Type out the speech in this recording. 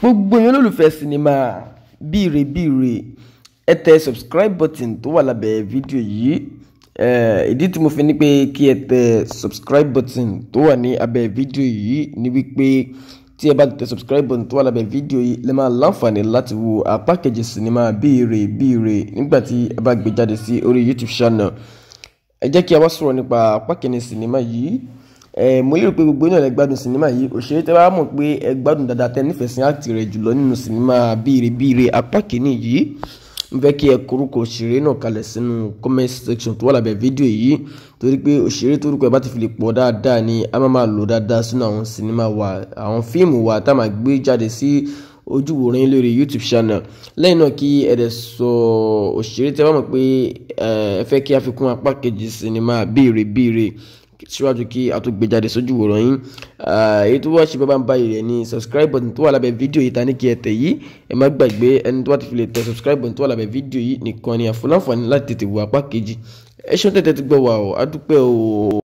gbogbo èèyàn lólùfẹ́ sinimá bíire bíire ẹ tẹ subscribe button tó wà lábẹ́ fídíò yìí ìdí tí mo fi ní pé kí ẹ tẹ subscribe button tó wà ní abẹ́ fídíò yìí ni wípé tí ẹ bá tẹ subscribe button tó wà lábẹ́ fídíò yìí lè máa láǹfààní láti wo apá kejì sinimá bíire bíire nígbà tí ẹ bá gbé jáde sí orí YouTube channel ẹ jẹ́ kí a wá sọ̀rọ̀ nípa apá kejì sinimá yìí ẹ mo lérò pé gbogbo náà lẹ gbádùn sinimá yìí òṣèré tẹ bá mọ̀ pé ẹ gbádùn dáadáa tẹ nífẹ̀ẹ́ sí áàtì rẹ̀ jùlọ nínú sinimá bírèbírè apá kìíní yìí n fẹ́ kí ẹ korúkọ òṣèré náà kalẹ̀ sínú comment section tó wà lábẹ́ fídíò yìí torí pé òṣèré tó rúkọ ẹ bá ti fi lè pọ̀ dáadáa ni a máa máa lò dáadáa sínú àwọn sinimá wa àwọn fíìmù wa tá a máa gbé jáde sí ojúwòrán lórí youtube channel lẹ́yìn náà kí ẹ dẹ̀ sọ òṣèré tẹ bá mọ̀ pé ẹ fẹ́ kí a fi kún apá kejì sinimá bírèbírè síwájú kí a tó gbé jáde sójú wòrán yín èyí tó wá ṣe bá bá ń báyìí ni subscribe button tó wà lábẹ́ fídíò yìí ta ní kí ẹ tẹ̀ yìí ẹ má gbàgbé ẹni tó wá ti fi lè tẹ subscribe button tó wà lábẹ́ fídíò yìí nìkan ni àfọláǹfààní láti tètè wo apá kejì ẹ ṣé tètè ti gbọ́ wà ó a o.